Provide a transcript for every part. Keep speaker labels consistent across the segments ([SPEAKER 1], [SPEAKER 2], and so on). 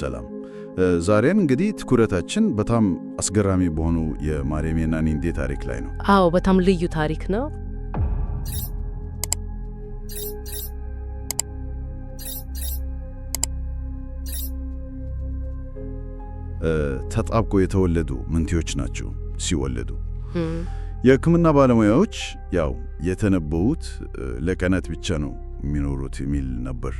[SPEAKER 1] ሰላም። ዛሬን እንግዲህ ትኩረታችን በጣም አስገራሚ በሆኑ የማርያሜና ኒንዴ ታሪክ ላይ ነው።
[SPEAKER 2] አዎ በጣም ልዩ ታሪክ ነው።
[SPEAKER 1] ተጣብቆ የተወለዱ መንትዮች ናቸው ሲወለዱ የህክምና ባለሙያዎች ያው የተነበቡት ለቀናት ብቻ ነው የሚኖሩት የሚል ነበር።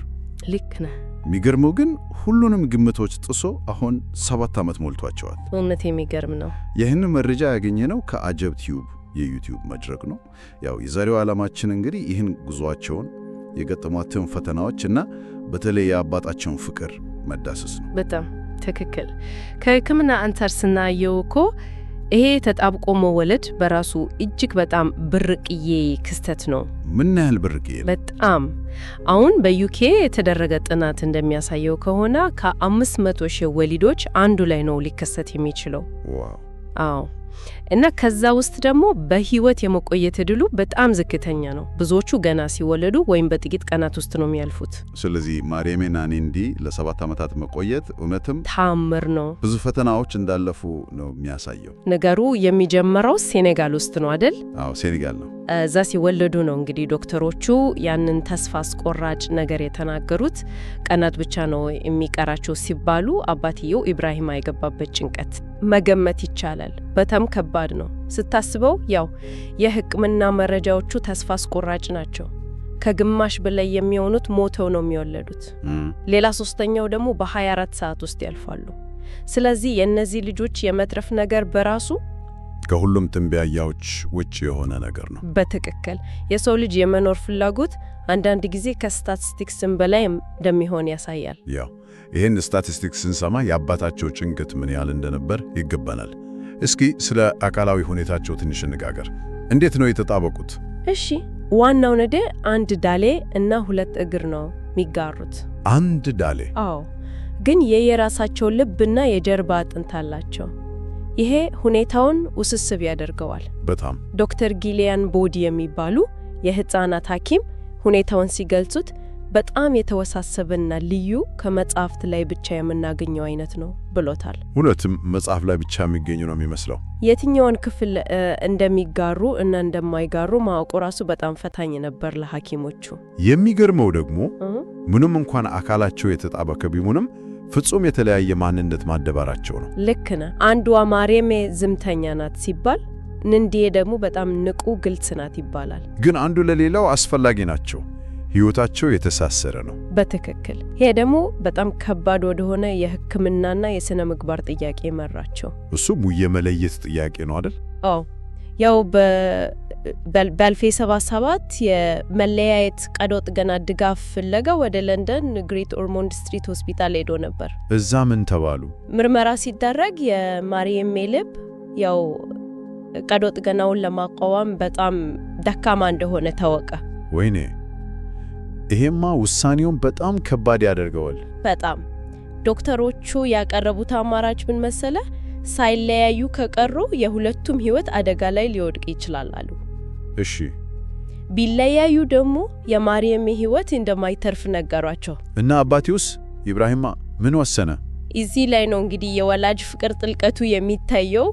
[SPEAKER 1] ልክ ነህ። የሚገርመው ግን ሁሉንም ግምቶች ጥሶ አሁን ሰባት ዓመት ሞልቷቸዋል።
[SPEAKER 2] እውነት የሚገርም ነው።
[SPEAKER 1] ይህን መረጃ ያገኘነው ከአጀብ ቲዩብ የዩቲዩብ መድረክ ነው። ያው የዛሬው ዓላማችን እንግዲህ ይህን ጉዟቸውን የገጠሟትን ፈተናዎች እና በተለይ የአባታቸውን ፍቅር መዳሰስ ነው።
[SPEAKER 2] በጣም ትክክል። ከህክምና አንጻር ስናየው እኮ ይሄ ተጣብቆ መወለድ በራሱ እጅግ በጣም ብርቅዬ ክስተት ነው።
[SPEAKER 1] ምን ያህል ብርቅዬ?
[SPEAKER 2] በጣም አሁን በዩኬ የተደረገ ጥናት እንደሚያሳየው ከሆነ ከ500 ሺህ ወሊዶች አንዱ ላይ ነው ሊከሰት የሚችለው። አዎ እና ከዛ ውስጥ ደግሞ በህይወት የመቆየት እድሉ በጣም ዝቅተኛ ነው። ብዙዎቹ ገና ሲወለዱ ወይም በጥቂት ቀናት ውስጥ ነው የሚያልፉት።
[SPEAKER 1] ስለዚህ ማርያሜና እኔ ለሰባት ዓመታት መቆየት እውነትም
[SPEAKER 2] ታምር ነው።
[SPEAKER 1] ብዙ ፈተናዎች እንዳለፉ ነው የሚያሳየው።
[SPEAKER 2] ነገሩ የሚጀምረው ሴኔጋል ውስጥ ነው አደል?
[SPEAKER 1] አዎ ሴኔጋል ነው።
[SPEAKER 2] እዛ ሲወለዱ ነው እንግዲህ ዶክተሮቹ ያንን ተስፋ አስቆራጭ ነገር የተናገሩት። ቀናት ብቻ ነው የሚቀራቸው ሲባሉ አባትየው ኢብራሂም የገባበት ጭንቀት መገመት ይቻላል። በጣም ከባድ ነው ስታስበው። ያው የህክምና መረጃዎቹ ተስፋ አስቆራጭ ናቸው። ከግማሽ በላይ የሚሆኑት ሞተው ነው የሚወለዱት። ሌላ ሶስተኛው ደግሞ በ24 ሰዓት ውስጥ ያልፋሉ። ስለዚህ የእነዚህ ልጆች የመትረፍ ነገር በራሱ
[SPEAKER 1] ከሁሉም ትንበያዎች ውጭ የሆነ ነገር ነው።
[SPEAKER 2] በትክክል የሰው ልጅ የመኖር ፍላጎት አንዳንድ ጊዜ ከስታቲስቲክስም በላይ እንደሚሆን ያሳያል።
[SPEAKER 1] ይህን ስታቲስቲክስ ስንሰማ የአባታቸው ጭንቀት ምን ያህል እንደነበር ይገባናል። እስኪ ስለ አካላዊ ሁኔታቸው ትንሽ እንጋገር። እንዴት ነው የተጣበቁት?
[SPEAKER 2] እሺ፣ ዋናው ነዴ አንድ ዳሌ እና ሁለት እግር ነው የሚጋሩት።
[SPEAKER 1] አንድ ዳሌ?
[SPEAKER 2] አዎ። ግን የየራሳቸው ልብና የጀርባ አጥንት አላቸው። ይሄ ሁኔታውን ውስብስብ ያደርገዋል። በጣም ዶክተር ጊሊያን ቦዲ የሚባሉ የህፃናት ሐኪም ሁኔታውን ሲገልጹት በጣም የተወሳሰበና ልዩ ከመጽሐፍት ላይ ብቻ የምናገኘው አይነት ነው ብሎታል።
[SPEAKER 1] እውነትም መጽሐፍ ላይ ብቻ የሚገኙ ነው የሚመስለው።
[SPEAKER 2] የትኛውን ክፍል እንደሚጋሩ እና እንደማይጋሩ ማወቁ ራሱ በጣም ፈታኝ ነበር ለሐኪሞቹ።
[SPEAKER 1] የሚገርመው ደግሞ ምንም እንኳን አካላቸው የተጣበከ ቢሆንም ፍጹም የተለያየ ማንነት ማደባራቸው ነው።
[SPEAKER 2] ልክ ነ አንዷ ማሬሜ ዝምተኛ ናት ሲባል ንንዲዬ ደግሞ በጣም ንቁ፣ ግልጽ ናት ይባላል።
[SPEAKER 1] ግን አንዱ ለሌላው አስፈላጊ ናቸው። ህይወታቸው የተሳሰረ ነው።
[SPEAKER 2] በትክክል ይሄ ደግሞ በጣም ከባድ ወደሆነ የህክምናና የሥነ ምግባር ጥያቄ መራቸው።
[SPEAKER 1] እሱም የመለየት ጥያቄ ነው አይደል?
[SPEAKER 2] አዎ ያው በ 77 የመለያየት ቀዶ ጥገና ድጋፍ ፍለጋ ወደ ለንደን ግሬት ኦርሞንድ ስትሪት ሆስፒታል ሄዶ ነበር።
[SPEAKER 1] እዛ ምን ተባሉ?
[SPEAKER 2] ምርመራ ሲደረግ የማሪየም ልብ ያው ቀዶ ጥገናውን ለማቋቋም በጣም ደካማ እንደሆነ ታወቀ።
[SPEAKER 1] ወይኔ ይሄማ ውሳኔውን በጣም ከባድ ያደርገዋል።
[SPEAKER 2] በጣም ዶክተሮቹ ያቀረቡት አማራጭ ምን መሰለ? ሳይለያዩ ከቀሩ የሁለቱም ህይወት አደጋ ላይ ሊወድቅ ይችላል አሉ። እሺ ቢለያዩ ደግሞ የማርያም ህይወት እንደማይተርፍ ነገሯቸው።
[SPEAKER 1] እና አባቴውስ ኢብራሂማ ምን ወሰነ?
[SPEAKER 2] እዚህ ላይ ነው እንግዲህ የወላጅ ፍቅር ጥልቀቱ የሚታየው።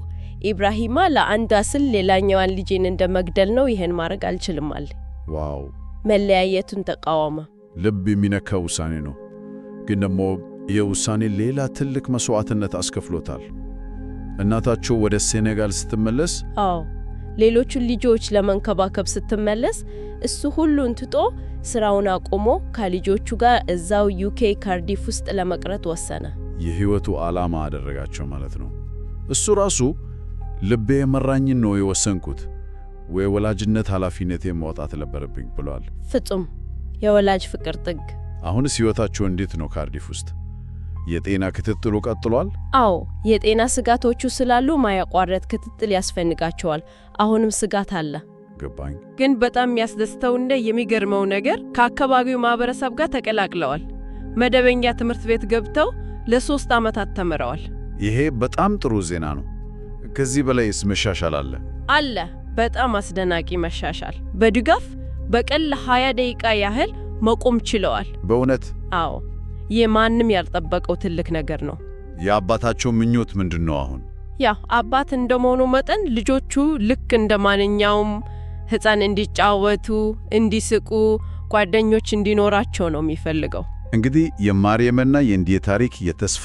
[SPEAKER 2] ኢብራሂማ ለአንድ አስል ሌላኛዋን ልጄን እንደ መግደል ነው፣ ይሄን ማድረግ አልችልም አለ። ዋው መለያየቱን ተቃወመ።
[SPEAKER 1] ልብ የሚነካ ውሳኔ ነው። ግን ደግሞ የውሳኔ ሌላ ትልቅ መሥዋዕትነት አስከፍሎታል። እናታቸው ወደ ሴኔጋል ስትመለስ፣
[SPEAKER 2] አዎ ሌሎቹን ልጆች ለመንከባከብ ስትመለስ፣ እሱ ሁሉን ትጦ ሥራውን አቁሞ ከልጆቹ ጋር እዛው ዩኬ ካርዲፍ ውስጥ ለመቅረት ወሰነ።
[SPEAKER 1] የሕይወቱ ዓላማ አደረጋቸው ማለት ነው። እሱ ራሱ ልቤ የመራኝን ነው የወሰንኩት የወላጅነት ኃላፊነቴ መውጣት ነበረብኝ ብሏል።
[SPEAKER 2] ፍጹም የወላጅ ፍቅር ጥግ።
[SPEAKER 1] አሁንስ ሕይወታቸው እንዴት ነው? ካርዲፍ ውስጥ የጤና ክትትሉ ቀጥሏል?
[SPEAKER 2] አዎ፣ የጤና ስጋቶቹ ስላሉ ማያቋረጥ ክትትል ያስፈልጋቸዋል። አሁንም ስጋት አለ። ገባኝ። ግን በጣም የሚያስደስተውና የሚገርመው ነገር ከአካባቢው ማህበረሰብ ጋር ተቀላቅለዋል። መደበኛ ትምህርት ቤት ገብተው ለሶስት ዓመታት ተምረዋል።
[SPEAKER 1] ይሄ በጣም ጥሩ ዜና ነው። ከዚህ በላይስ መሻሻል አለ?
[SPEAKER 2] አለ። በጣም አስደናቂ መሻሻል። በድጋፍ በቀን ለ20 ደቂቃ ያህል መቆም ችለዋል። በእውነት አዎ፣ ይህ ማንም ያልጠበቀው ትልቅ ነገር ነው።
[SPEAKER 1] የአባታቸው ምኞት ምንድን ነው? አሁን
[SPEAKER 2] ያ አባት እንደመሆኑ መጠን ልጆቹ ልክ እንደ ማንኛውም ሕፃን እንዲጫወቱ፣ እንዲስቁ፣ ጓደኞች እንዲኖራቸው ነው የሚፈልገው።
[SPEAKER 1] እንግዲህ የማርየምና የእንዲህ ታሪክ የተስፋ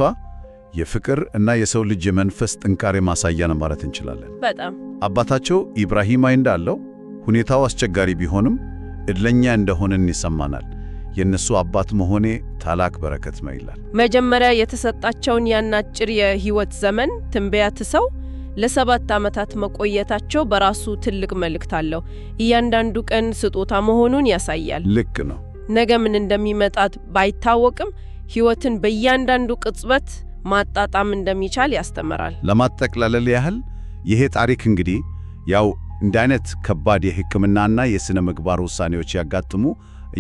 [SPEAKER 1] የፍቅር እና የሰው ልጅ የመንፈስ ጥንካሬ ማሳያ ነው ማለት እንችላለን። በጣም አባታቸው ኢብራሂም እንዳለው ሁኔታው አስቸጋሪ ቢሆንም እድለኛ እንደሆንን ይሰማናል። የእነሱ አባት መሆኔ ታላቅ በረከት ነው ይላል።
[SPEAKER 2] መጀመሪያ የተሰጣቸውን ያን አጭር የህይወት ዘመን ትንበያ ትሰው ለሰባት ዓመታት መቆየታቸው በራሱ ትልቅ መልእክት አለው። እያንዳንዱ ቀን ስጦታ መሆኑን ያሳያል። ልክ ነው። ነገ ምን እንደሚመጣት ባይታወቅም ህይወትን በእያንዳንዱ ቅጽበት ማጣጣም እንደሚቻል ያስተምራል።
[SPEAKER 1] ለማጠቅለል ያህል ይሄ ታሪክ እንግዲህ ያው እንዲህ አይነት ከባድ የሕክምናና የሥነ ምግባር ውሳኔዎች ያጋጥሙ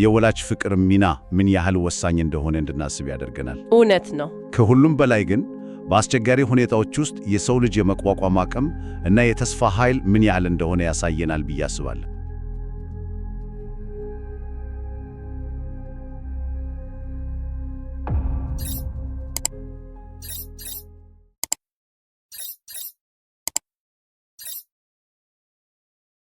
[SPEAKER 1] የወላጅ ፍቅር ሚና ምን ያህል ወሳኝ እንደሆነ እንድናስብ ያደርገናል። እውነት ነው። ከሁሉም በላይ ግን በአስቸጋሪ ሁኔታዎች ውስጥ የሰው ልጅ የመቋቋም አቅም እና የተስፋ ኃይል ምን ያህል እንደሆነ ያሳየናል ብዬ አስባለሁ።